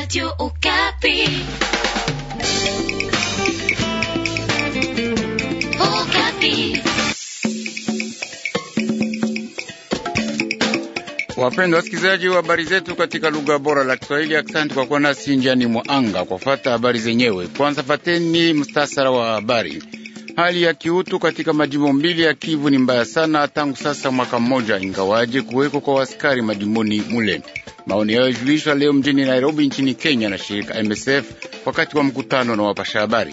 Radio Okapi. Okapi. Wapendwa wasikilizaji wa habari zetu katika lugha bora la Kiswahili, asante kwa kuwa nasi njiani mwa anga kwa fata habari zenyewe. Kwanza fateni mstasara wa habari. Hali ya kiutu katika majimbo mbili ya Kivu ni mbaya sana tangu sasa mwaka mmoja, ingawaje kuweko kwa askari majimboni mule Maoni hayo yalijulishwa leo mjini Nairobi nchini Kenya na shirika MSF wakati wa mkutano na wapasha habari.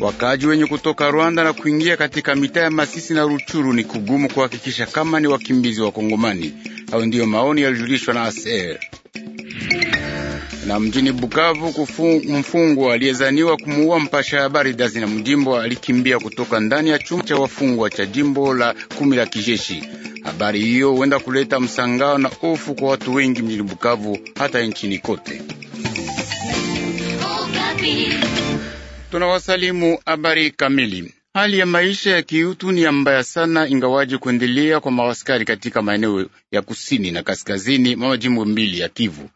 Wakaaji wenye kutoka Rwanda na kuingia katika mitaa ya Masisi na Ruchuru ni kugumu kuhakikisha kama ni wakimbizi wa Kongomani. Hayo ndiyo maoni yalijulishwa na ASR. Na mjini Bukavu, mfungwa aliyezaniwa kumuua mpasha habari Dazi na Mjimbo alikimbia kutoka ndani ya chumba cha wafungwa cha jimbo la kumi la kijeshi. Habari hiyo huenda kuleta msangao na ofu kwa watu wengi mjini Bukavu, hata nchini kote. Tunawasalimu habari kamili. Hali ya maisha ya kiutu ni ya mbaya sana, ingawaji kuendelea kwa maaskari katika maeneo ya kusini na kaskazini mwa majimbo mbili ya Kivu.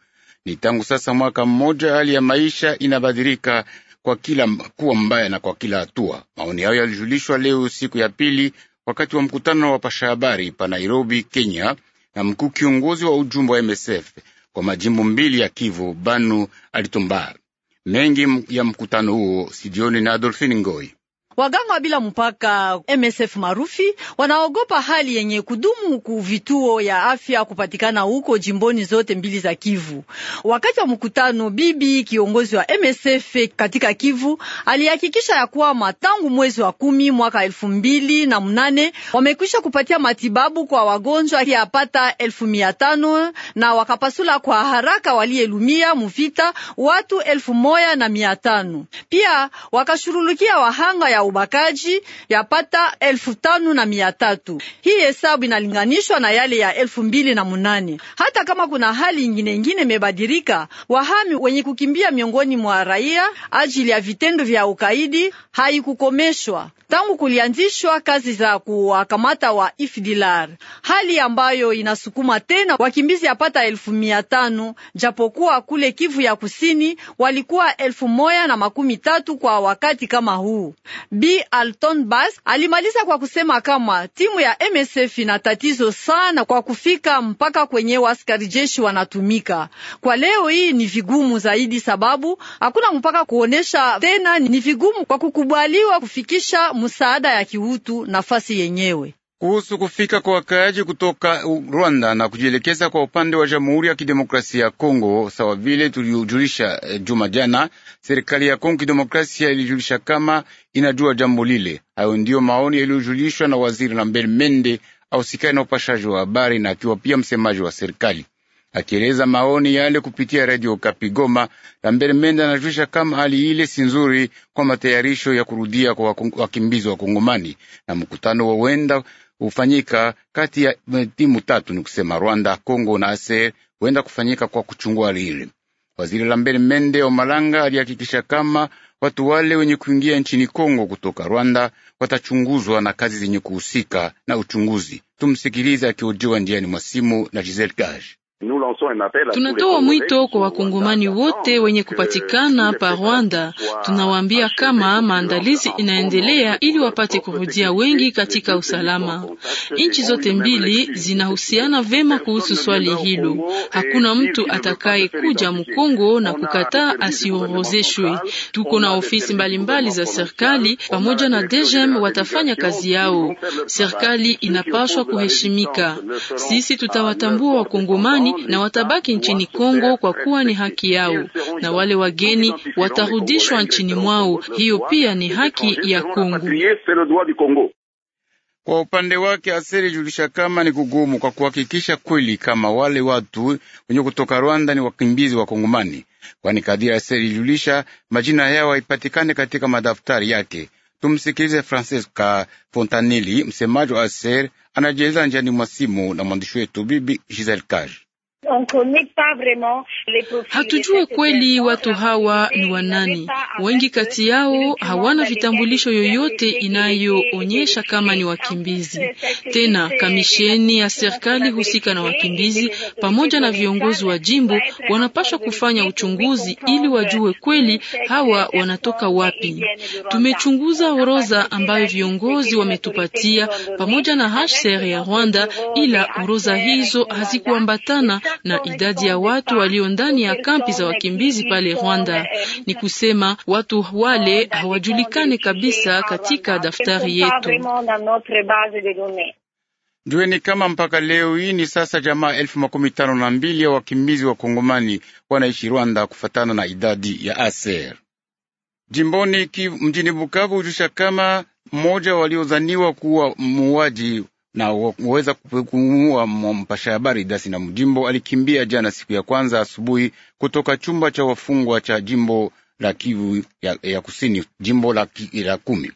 Ni tangu sasa mwaka mmoja, hali ya maisha inabadilika kwa kila kuwa mbaya na kwa kila hatua. Maoni hayo yalijulishwa leo siku ya pili wakati wa mkutano na wapasha habari pa Nairobi, Kenya, na mkuu kiongozi wa ujumbe wa MSF kwa majimbo mbili ya Kivu, Banu Alitomba. Mengi ya mkutano huo, Sidioni na Adolfini Ngoi. Waganga bila mpaka MSF marufi wanaogopa hali yenye kudumu ku vituo ya afya kupatikana huko jimboni zote mbili za Kivu. Wakati wa mkutano, bibi kiongozi wa MSF katika Kivu alihakikisha ya kwamba tangu mwezi wa kumi mwaka elfu mbili na mnane wamekwisha kupatia matibabu kwa wagonjwa yapata elfu mia tano na wakapasula kwa haraka waliyelumia muvita watu elfu moja na mia tano pia wakashurulukia wahanga ya ubakaji yapata elfu tano na mia tatu. Hii hesabu inalinganishwa na yale ya elfu mbili na munane. Hata kama kuna hali ingine ingine imebadirika, wahami wenye kukimbia miongoni mwa raia ajili ya vitendo vya ukaidi haikukomeshwa tangu kulianzishwa kazi za kuwakamata wa ifdilar, hali ambayo inasukuma tena wakimbizi yapata elfu mia tano japokuwa kule Kivu ya kusini walikuwa elfu moya na makumi tatu kwa wakati kama huu. B Alton Bas alimaliza kwa kusema kama timu ya MSF ina tatizo sana kwa kufika mpaka kwenye waskari jeshi wanatumika kwa leo hii. Ni vigumu zaidi sababu hakuna mpaka kuonesha tena, ni vigumu kwa kukubaliwa kufikisha msaada ya kiutu nafasi yenyewe kuhusu kufika kwa wakaaji kutoka Rwanda na kujielekeza kwa upande wa Jamhuri ya Kidemokrasia ya Kongo. Sawa vile tulijulisha eh, juma jana, serikali ya Kongo Kidemokrasia ilijulisha kama inajua jambo lile. Hayo ndiyo maoni yaliyojulishwa na waziri Lambert Mende ausikani na upashaji wa habari na akiwa pia msemaji wa serikali akieleza maoni yale kupitia redio Kapigoma. Lambert Mende anajulisha kama hali ile si nzuri kwa matayarisho ya kurudia kwa wakimbizi wa Kongomani na mkutano wa wenda hufanyika kati ya eh, timu tatu, ni kusema Rwanda, Kongo na ASER huenda kufanyika kwa kuchungua lile. Waziri Lambert Mende Malanga alihakikisha kama watu wale wenye kuingia nchini Kongo kutoka Rwanda watachunguzwa na kazi zenye kuhusika na uchunguzi. Tumsikilize akihojiwa njiani mwa simu na Giselle Gage. Tunatoa mwito kwa wakongomani wote wenye kupatikana hapa Rwanda. Tunawaambia kama maandalizi inaendelea ili wapate kurudia wengi katika usalama. Nchi zote mbili zinahusiana vema kuhusu swali hilo. Hakuna mtu atakaye kuja Mkongo na kukataa asiorozeshwe. Tuko na ofisi mbalimbali za serikali pamoja na DGM watafanya kazi yao. Serikali inapaswa kuheshimika. Sisi tutawatambua wakongomani wageni na watabaki nchini Kongo kwa kuwa ni haki yao, na wale wageni watarudishwa nchini mwao. Hiyo pia ni haki ya Kongo. Kwa upande wake aseri julisha kama ni kugumu kwa kuhakikisha kweli kama wale watu wenye kutoka Rwanda ni wakimbizi wa Kongomani, kwani kadiri aseri julisha majina yao haipatikane katika madaftari yake. Tumsikilize Francesca Fontanelli, msemaji wa aser, anajieleza njiani mwa simu na mwandishi wetu Bibi Giselle Kaji. Hatujue kweli watu hawa ni wanani. Wengi kati yao hawana vitambulisho yoyote inayoonyesha kama ni wakimbizi. Tena kamisheni ya serikali husika na wakimbizi pamoja na viongozi wa jimbo wanapaswa kufanya uchunguzi ili wajue kweli hawa wanatoka wapi. Tumechunguza orodha ambayo viongozi wametupatia pamoja na HCR ya Rwanda, ila orodha hizo hazikuambatana na idadi ya watu walio ndani ya kampi za wakimbizi pale Rwanda. Ni kusema Watu wale hawajulikane kabisa katika daftari yetu. Jueni kama mpaka leo hii ni sasa jamaa elfu makumi tano na mbili ya wakimbizi wa Kongomani wanaishi Rwanda kufatana na idadi ya ASER jimboni mjini Bukavu. Hujusha kama mmoja waliozaniwa kuwa muuaji na waweza kumuua mpasha habari Dasi na Mjimbo alikimbia jana siku ya kwanza asubuhi kutoka chumba cha wafungwa cha jimbo la Kivu ya, ya kusini jimbo la, la kumi.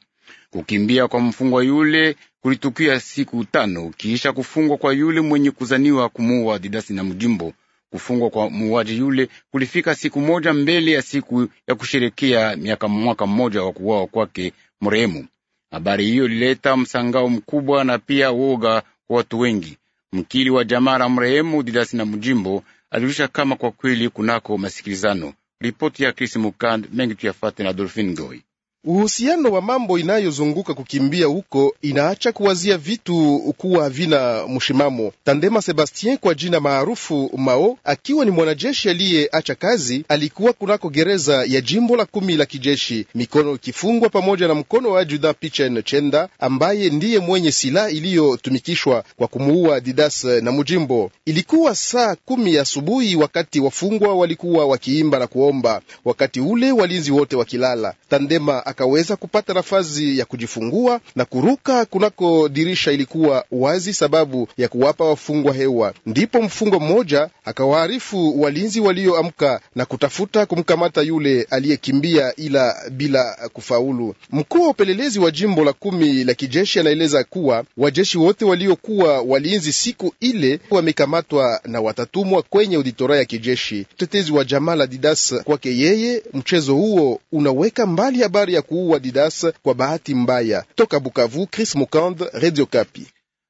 Kukimbia kwa mfungwa yule kulitukia siku tano kiisha kufungwa kwa yule mwenye kuzaniwa kumuua Didasi na Mjimbo. Kufungwa kwa muuaji yule kulifika siku moja mbele ya siku ya kusherekea miaka mwaka mmoja wa kuwawa kwake marehemu. Habari hiyo ilileta msangao mkubwa na pia woga kwa watu wengi. Mkili wa jamaa la marehemu Didasi na Mjimbo alirusha kama kwa kweli kunako masikilizano Ripoti ya Chris Mukand mengi tuyafate na dolphin goy Uhusiano wa mambo inayozunguka kukimbia huko inaacha kuwazia vitu kuwa havina mshimamo. Tandema Sebastien kwa jina maarufu Mao, akiwa ni mwanajeshi aliyeacha kazi, alikuwa kunako gereza ya jimbo la kumi la kijeshi, mikono ikifungwa pamoja na mkono wa juda Pichen Chenda ambaye ndiye mwenye silaha iliyotumikishwa kwa kumuua Didas na Mujimbo. Ilikuwa saa kumi asubuhi wakati wafungwa walikuwa wakiimba na kuomba, wakati ule walinzi wote wakilala. Tandema akaweza kupata nafasi ya kujifungua na kuruka kunako dirisha ilikuwa wazi, sababu ya kuwapa wafungwa hewa. Ndipo mfungwa mmoja akawaarifu walinzi walioamka na kutafuta kumkamata yule aliyekimbia, ila bila kufaulu. Mkuu wa upelelezi wa jimbo la kumi la kijeshi anaeleza kuwa wajeshi wote waliokuwa walinzi siku ile wamekamatwa na watatumwa kwenye auditora ya kijeshi. Mtetezi wa jamaa la Didas, kwake yeye mchezo huo unaweka mbali habari ya ya kuua Didas kwa bahati mbaya. Toka Bukavu, Chris Mukand, Radio Kapi.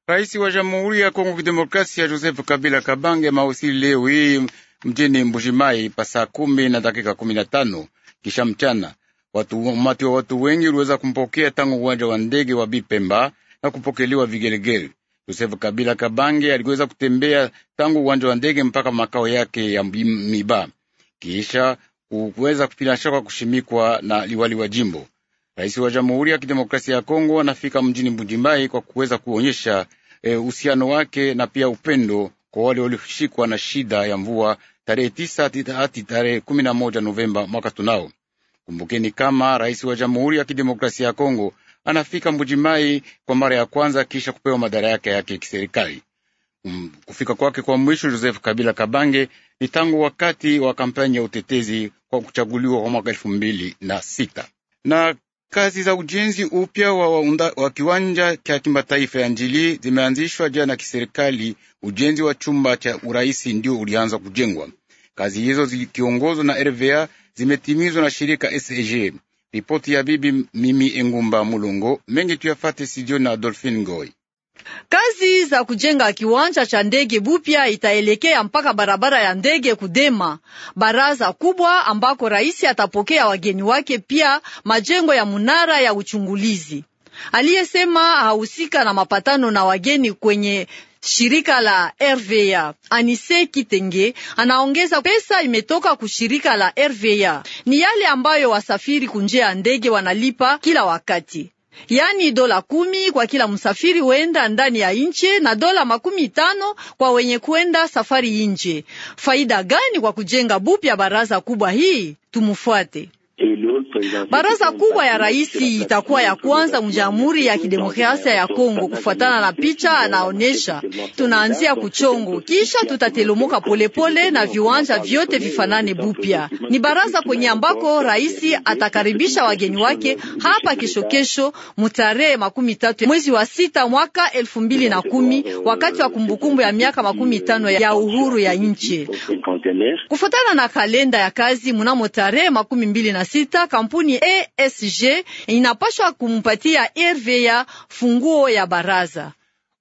Rais wa Jamhuri ya Kongo Kidemokrasia Joseph Kabila Kabange mawasili leo hii mjini pa saa kumi na dakika kumi na tano kisha mchana. Watu, umati wa watu wengi uliweza kumpokea tangu uwanja wa ndege wa Bipemba na kupokelewa vigelegele. Joseph Kabila Kabange aliweza kutembea tangu uwanja wa ndege mpaka makao yake ya Miba, kisha kuweza kupila shaka kushimikwa na liwali wa jimbo. Rais wa Jamhuri ya Kidemokrasia ya Kongo anafika mjini Mbujimai kwa kuweza kuonyesha eh, uhusiano wake na pia upendo kwa wale walioshikwa na shida ya mvua tarehe tisa hadi tarehe kumi na moja Novemba mwaka tunao. Kumbukeni kama rais wa Jamhuri ya Kidemokrasia ya Kongo anafika Mbujimai kwa mara ya kwanza kisha kupewa madaraka yake ya kiserikali. Um, kufika kwake kwa mwisho Joseph Kabila Kabange ni tangu wakati wa kampeni ya utetezi kwa kuchaguliwa kwa mwaka elfu mbili na sita na kazi za ujenzi upya wa, wa, wa kiwanja cha kimataifa ya Njili zimeanzishwa jana kiserikali. Ujenzi wa chumba cha uraisi ndio ulianza kujengwa. Kazi hizo zikiongozwa na RVA zimetimizwa na shirika SAG. Ripoti ya bibi Mimi Engumba Mulongo mengi tuyafate studio na Adolphine Ngoi. Kazi za kujenga kiwanja cha ndege bupya itaelekea mpaka barabara ya ndege Kudema, baraza kubwa ambako rais atapokea wageni wake, pia majengo ya munara ya uchungulizi. Aliyesema hahusika na mapatano na wageni kwenye shirika la RVA Anise Kitenge anaongeza pesa imetoka kushirika la RVA ni yale ambayo wasafiri kunjia ya ndege wanalipa kila wakati yaani dola kumi kwa kila msafiri wenda ndani ya nje na dola makumi tano kwa wenye kwenda safari nje. Faida gani kwa kujenga bupya baraza kubwa hii? Tumufuate. Baraza kubwa ya rais itakuwa ya kwanza mjamhuri ya kidemokrasia ya Kongo kufuatana na picha anaonyesha. Tunaanzia kuchongo, kisha tutatelemuka polepole na viwanja vyote vifanane bupya. Ni baraza kwenye ambako rais atakaribisha wageni wake hapa kesho kesho mutarehe makumi tatu mwezi wa sita mwaka elfu mbili na kumi wakati wa kumbukumbu ya miaka makumi tano ya uhuru ya nchi kufuatana na kalenda ya kazi mnamo tarehe makumi mbili na sita kampuni ASG inapashwa kumpatia RVA funguo ya baraza.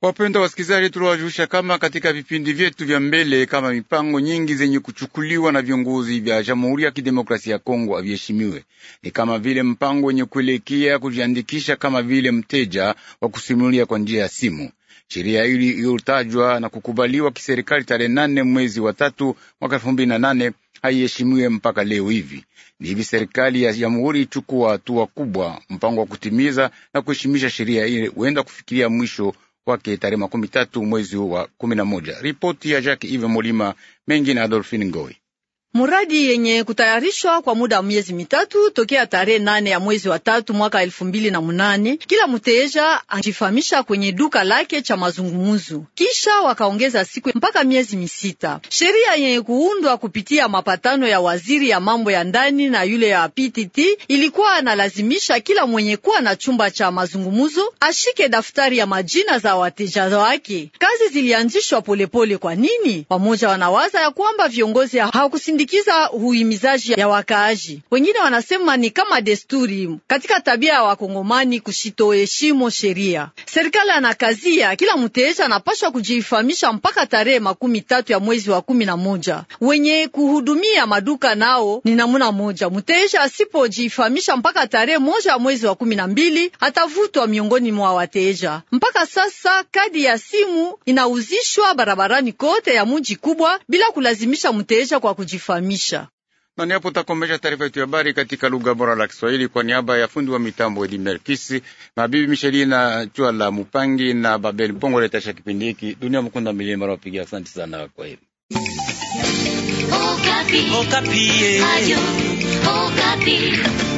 Wapenda wasikilizaji, tuliwajulisha kama katika vipindi vyetu vya mbele, kama mipango nyingi zenye kuchukuliwa na viongozi vya Jamhuri ya Kidemokrasia ya Kongo haviheshimiwe, ni kama vile mpango wenye kuelekea kujiandikisha kama vile mteja wa kusimulia kwa njia ya simu. Sheria hili iliyotajwa na kukubaliwa kiserikali tarehe nane mwezi wa tatu mwaka elfu mbili na nane haiheshimiwe mpaka leo hivi. Ni hivi serikali ya jamhuri ichukua hatua kubwa, mpango wa kutimiza na kuheshimisha sheria ile huenda kufikiria mwisho wake tarehe makumi tatu mwezi wa kumi na moja. Ripoti ya Jacques Ive Molima mengi na Adolfine Ngoi. Muradi yenye kutayarishwa kwa muda wa miezi mitatu tokea tarehe nane ya mwezi wa tatu mwaka elfu mbili na munane. Kila mteja anjifamisha kwenye duka lake cha mazungumuzo, kisha wakaongeza siku mpaka miezi misita. Sheria yenye kuundwa kupitia mapatano ya waziri ya mambo ya ndani na yule ya PTT ilikuwa analazimisha kila mwenye kuwa na chumba cha mazungumuzo ashike daftari ya majina za wateja wake. Kazi zilianzishwa polepole. Kwa nini? Pamoja wanawaza ya kwamba viongozi hawakusi kusindikiza huimizaji ya wakaaji. Wengine wanasema ni kama desturi katika tabia ya wakongomani kushitoheshimu sheria. Serikali anakazia kila mteja anapashwa kujifahamisha mpaka tarehe makumi tatu ya mwezi wa kumi na moja. Wenye kuhudumia maduka nao ni namuna moja, mteja asipojifahamisha mpaka tarehe moja ya mwezi wa kumi na mbili atavutwa miongoni mwa wateja. Mpaka sasa kadi ya simu inauzishwa barabarani kote ya mji kubwa bila kulazimisha mteja kwa kujifahamisha kufahamisha. na ni hapo takomesha taarifa yetu ya habari katika lugha bora la Kiswahili kwa niaba ya fundi wa mitambo Edi Merkisi, mabibi na Chua la Mupangi na Babel Mpongo aletaisha kipindi hiki dunia mkunda milima rawapigia. Asante sana kwa hili Okapi. Okapi. Eh.